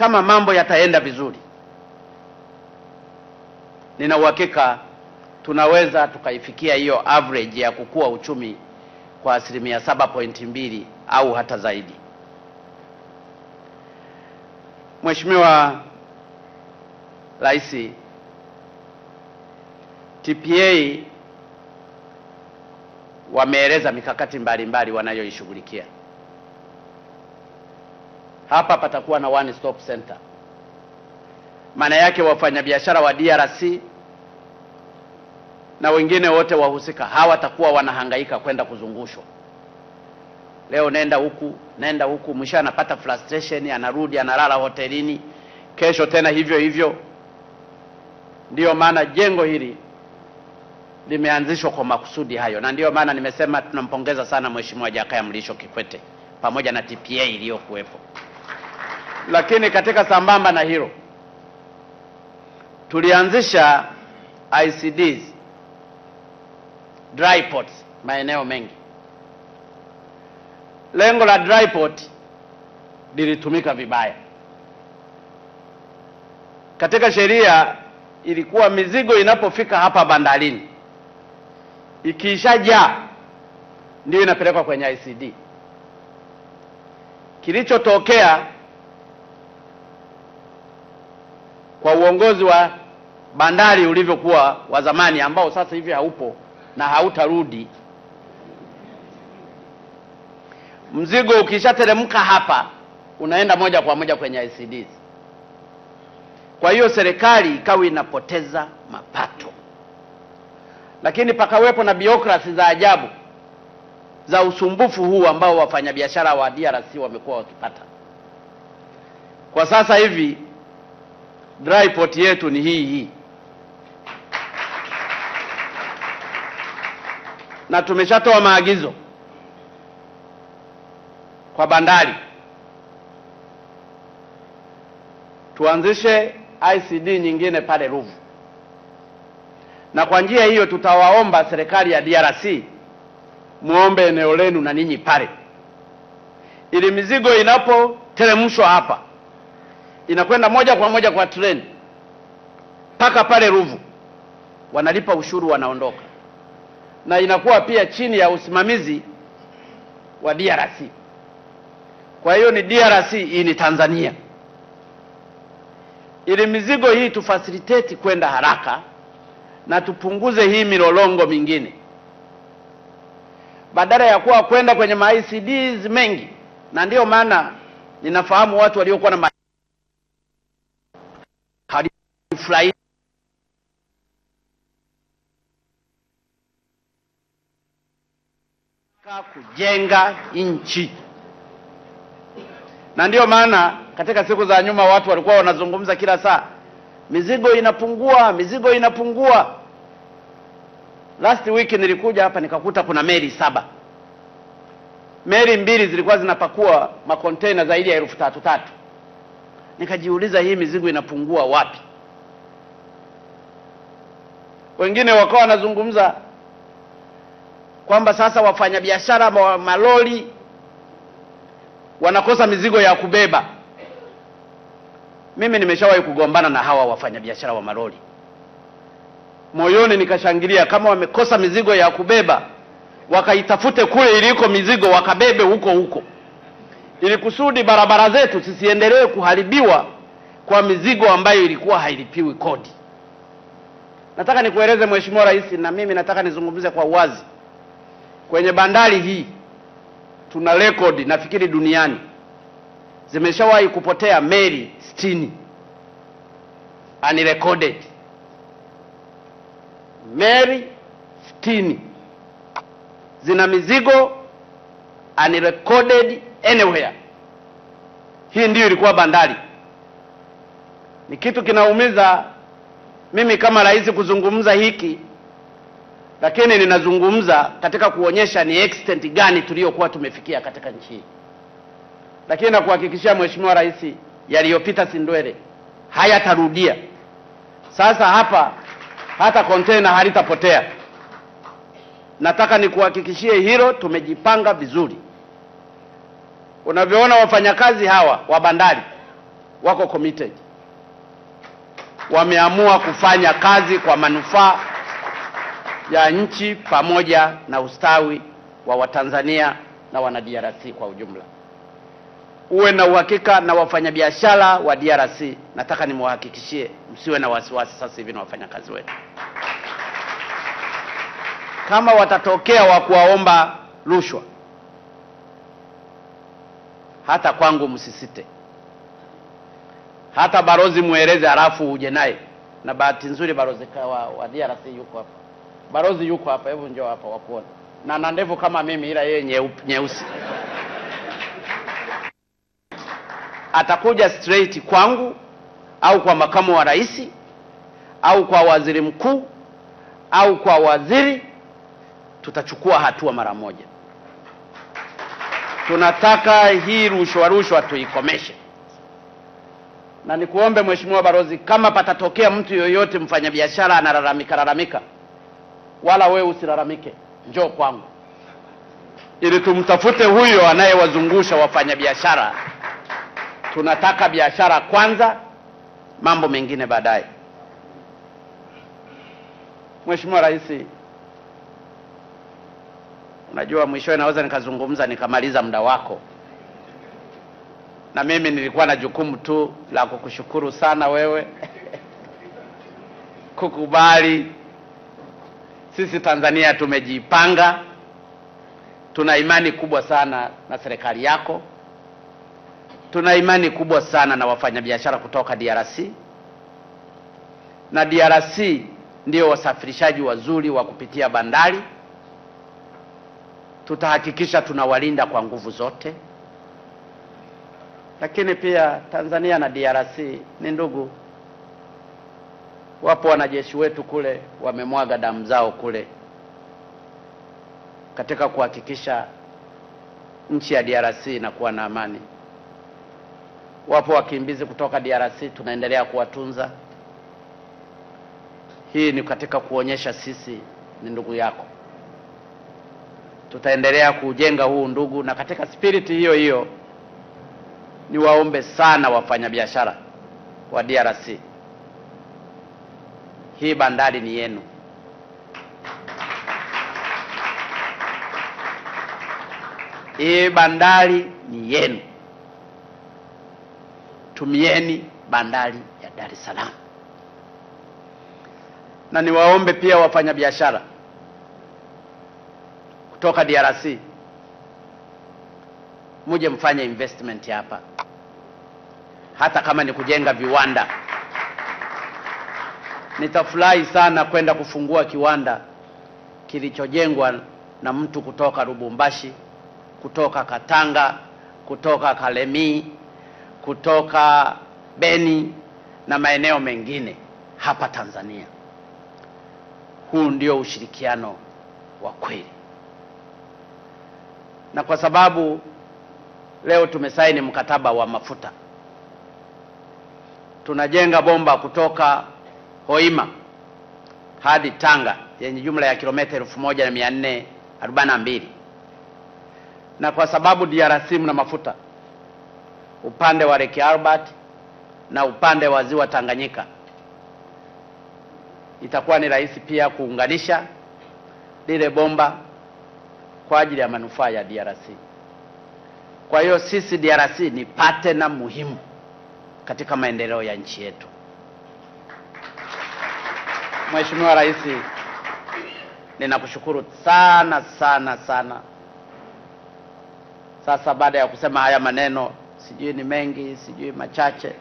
kama mambo yataenda vizuri, nina uhakika tunaweza tukaifikia hiyo average ya kukua uchumi kwa asilimia 7.2 au hata zaidi. Mheshimiwa Rais, TPA wameeleza mikakati mbalimbali wanayoishughulikia hapa patakuwa na one stop center. Maana yake wafanyabiashara wa DRC na wengine wote wahusika hawatakuwa wanahangaika kwenda kuzungushwa. Leo nenda huku, nenda huku, mwisho anapata frustration, anarudi analala hotelini, kesho tena hivyo hivyo. Ndiyo maana jengo hili limeanzishwa kwa makusudi hayo, na ndiyo maana nimesema tunampongeza sana Mheshimiwa Jakaya Mlisho Kikwete pamoja na TPA iliyokuwepo. Lakini katika sambamba na hilo, tulianzisha ICDs dry ports maeneo mengi. Lengo la dry port lilitumika vibaya. Katika sheria ilikuwa mizigo inapofika hapa bandarini ikiishajaa ndio inapelekwa kwenye ICD. Kilichotokea kwa uongozi wa bandari ulivyokuwa wa zamani, ambao sasa hivi haupo na hautarudi. Mzigo ukishateremka hapa unaenda moja kwa moja kwenye ICDs. Kwa hiyo serikali ikawa inapoteza mapato, lakini pakawepo na biokrasi za ajabu za usumbufu huu ambao wafanyabiashara wa DRC wamekuwa wakipata kwa sasa hivi dry port yetu ni hii hii, na tumeshatoa maagizo kwa bandari tuanzishe ICD nyingine pale Ruvu, na kwa njia hiyo tutawaomba serikali ya DRC muombe eneo lenu na ninyi pale, ili mizigo inapoteremshwa hapa inakwenda moja kwa moja kwa treni mpaka pale Ruvu, wanalipa ushuru, wanaondoka, na inakuwa pia chini ya usimamizi wa DRC. Kwa hiyo ni DRC, hii ni Tanzania. Ili mizigo hii tufasiliteti kwenda haraka na tupunguze hii milolongo mingine, badala ya kuwa kwenda kwenye ma ICDs mengi, na ndiyo maana ninafahamu watu waliokuwa na kufurahia kujenga nchi, na ndiyo maana katika siku za nyuma watu walikuwa wanazungumza kila saa, mizigo inapungua, mizigo inapungua. Last week nilikuja hapa nikakuta kuna meli saba, meli mbili zilikuwa zinapakua makontena zaidi ya elfu tatu tatu. Nikajiuliza, hii mizigo inapungua wapi? Wengine wakawa wanazungumza kwamba sasa wafanyabiashara wa maloli wanakosa mizigo ya kubeba. Mimi nimeshawahi kugombana na hawa wafanyabiashara wa maloli moyoni nikashangilia, kama wamekosa mizigo ya kubeba wakaitafute kule iliko mizigo wakabebe huko huko, ili kusudi barabara zetu zisiendelee kuharibiwa kwa mizigo ambayo ilikuwa hailipiwi kodi. Nataka nikueleze Mheshimiwa Rais, na mimi nataka nizungumze kwa uwazi. Kwenye bandari hii tuna rekodi, nafikiri duniani zimeshawahi kupotea meli sitini unrecorded, meli sitini zina mizigo unrecorded anywhere. Hii ndiyo ilikuwa bandari. Ni kitu kinaumiza mimi kama rais kuzungumza hiki, lakini ninazungumza katika kuonyesha ni extent gani tuliyokuwa tumefikia katika nchi hii. Lakini nakuhakikishia Mheshimiwa Rais, yaliyopita sindwele, hayatarudia. Sasa hapa hata container halitapotea. Nataka nikuhakikishie hilo, tumejipanga vizuri. Unavyoona wafanyakazi hawa wa bandari wako committed wameamua kufanya kazi kwa manufaa ya nchi pamoja na ustawi wa Watanzania na wana DRC kwa ujumla. Uwe na uhakika na wafanyabiashara wa DRC, nataka nimwahakikishie, msiwe na wasiwasi sasa hivi na wafanyakazi wetu. Kama watatokea wa kuwaomba rushwa, hata kwangu msisite hata barozi mweleze, halafu uje naye. Na bahati nzuri barozi kawa wa DRC yuko hapa, balozi yuko hapa, hebu njoo hapa wakuone, na na ndevu kama mimi, ila yeye nyeusi nye atakuja straight kwangu au kwa makamu wa rais au kwa waziri mkuu au kwa waziri, tutachukua hatua mara moja. Tunataka hii rushwa rushwa tuikomeshe na nikuombe Mheshimiwa Balozi, kama patatokea mtu yoyote mfanyabiashara analalamika lalamika, wala wewe usilalamike, njoo kwangu ili tumtafute huyo anayewazungusha wafanyabiashara. Tunataka biashara kwanza, mambo mengine baadaye. Mheshimiwa Rais, unajua mwishowe naweza nikazungumza nikamaliza muda wako na mimi nilikuwa na jukumu tu la kukushukuru sana wewe kukubali. Sisi Tanzania tumejipanga, tuna imani kubwa sana na serikali yako, tuna imani kubwa sana na wafanyabiashara kutoka DRC, na DRC ndio wasafirishaji wazuri wa kupitia bandari. Tutahakikisha tunawalinda kwa nguvu zote lakini pia Tanzania na DRC ni ndugu. Wapo wanajeshi wetu kule wamemwaga damu zao kule katika kuhakikisha nchi ya DRC inakuwa na amani. Wapo wakimbizi kutoka DRC tunaendelea kuwatunza. Hii ni katika kuonyesha sisi ni ndugu yako. Tutaendelea kujenga huu ndugu, na katika spiriti hiyo hiyo niwaombe sana wafanyabiashara wa DRC, hii bandari ni yenu. Hii bandari ni yenu, tumieni bandari ya Dar es Salaam. Na niwaombe pia wafanyabiashara kutoka DRC muje mfanye investment hapa hata kama ni kujenga viwanda. Nitafurahi sana kwenda kufungua kiwanda kilichojengwa na mtu kutoka Lubumbashi, kutoka Katanga, kutoka Kalemie, kutoka Beni na maeneo mengine hapa Tanzania. Huu ndio ushirikiano wa kweli, na kwa sababu leo tumesaini mkataba wa mafuta tunajenga bomba kutoka Hoima hadi Tanga yenye jumla ya kilomita mbili na kwa sababu DRC mna mafuta upande wa Lake Albert na upande wa ziwa Tanganyika, itakuwa ni rahisi pia kuunganisha lile bomba kwa ajili ya manufaa ya DRC. Kwa hiyo sisi DRC ni partner muhimu katika maendeleo ya nchi yetu. Mheshimiwa Rais, ninakushukuru sana sana sana. Sasa baada ya kusema haya maneno, sijui ni mengi, sijui machache,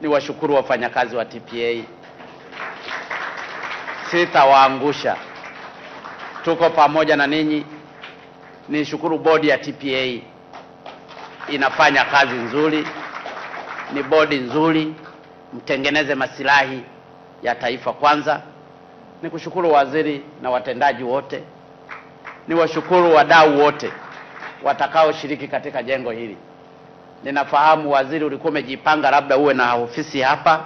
niwashukuru wafanyakazi wa TPA, sitawaangusha, tuko pamoja na ninyi. Nishukuru bodi ya TPA, inafanya kazi nzuri ni bodi nzuri, mtengeneze masilahi ya taifa kwanza. ni kushukuru waziri na watendaji wote, ni washukuru wadau wote watakaoshiriki katika jengo hili. Ninafahamu waziri, ulikuwa umejipanga labda uwe na ofisi hapa,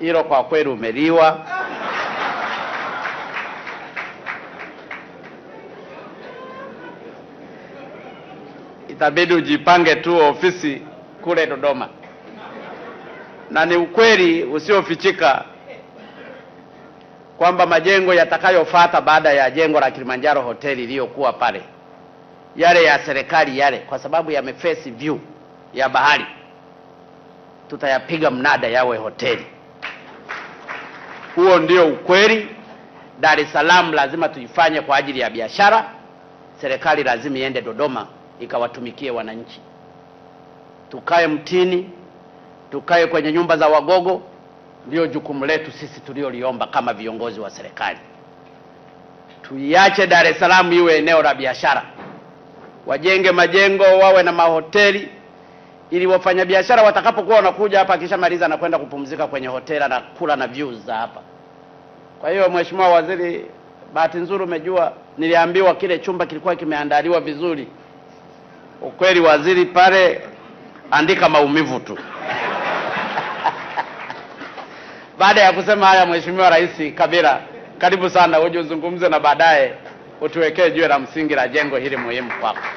hilo kwa kweli umeliwa. Itabidi ujipange tu ofisi kule Dodoma na ni ukweli usiofichika kwamba majengo yatakayofuata baada ya jengo la Kilimanjaro hoteli iliyokuwa pale, yale ya serikali yale, kwa sababu yamefesi view ya bahari, tutayapiga mnada yawe hoteli. Huo ndio ukweli. Dar es Salaam lazima tuifanye kwa ajili ya biashara. Serikali lazima iende Dodoma ikawatumikie wananchi. Tukae mtini tukae kwenye nyumba za wagogo, ndiyo jukumu letu sisi tulioliomba kama viongozi wa serikali. Tuiache Dar es Salaam iwe eneo la biashara, wajenge majengo, wawe na mahoteli ili wafanyabiashara watakapokuwa wanakuja hapa, akishamaliza anakwenda kupumzika kwenye hoteli na kula na views za hapa. Kwa hiyo, Mheshimiwa Waziri, bahati nzuri, umejua niliambiwa kile chumba kilikuwa kimeandaliwa vizuri. Ukweli waziri, pale andika maumivu tu. Baada ya kusema haya, Mheshimiwa Rais Kabila, karibu sana uje uzungumze na baadaye utuwekee jiwe la msingi la jengo hili muhimu kwako.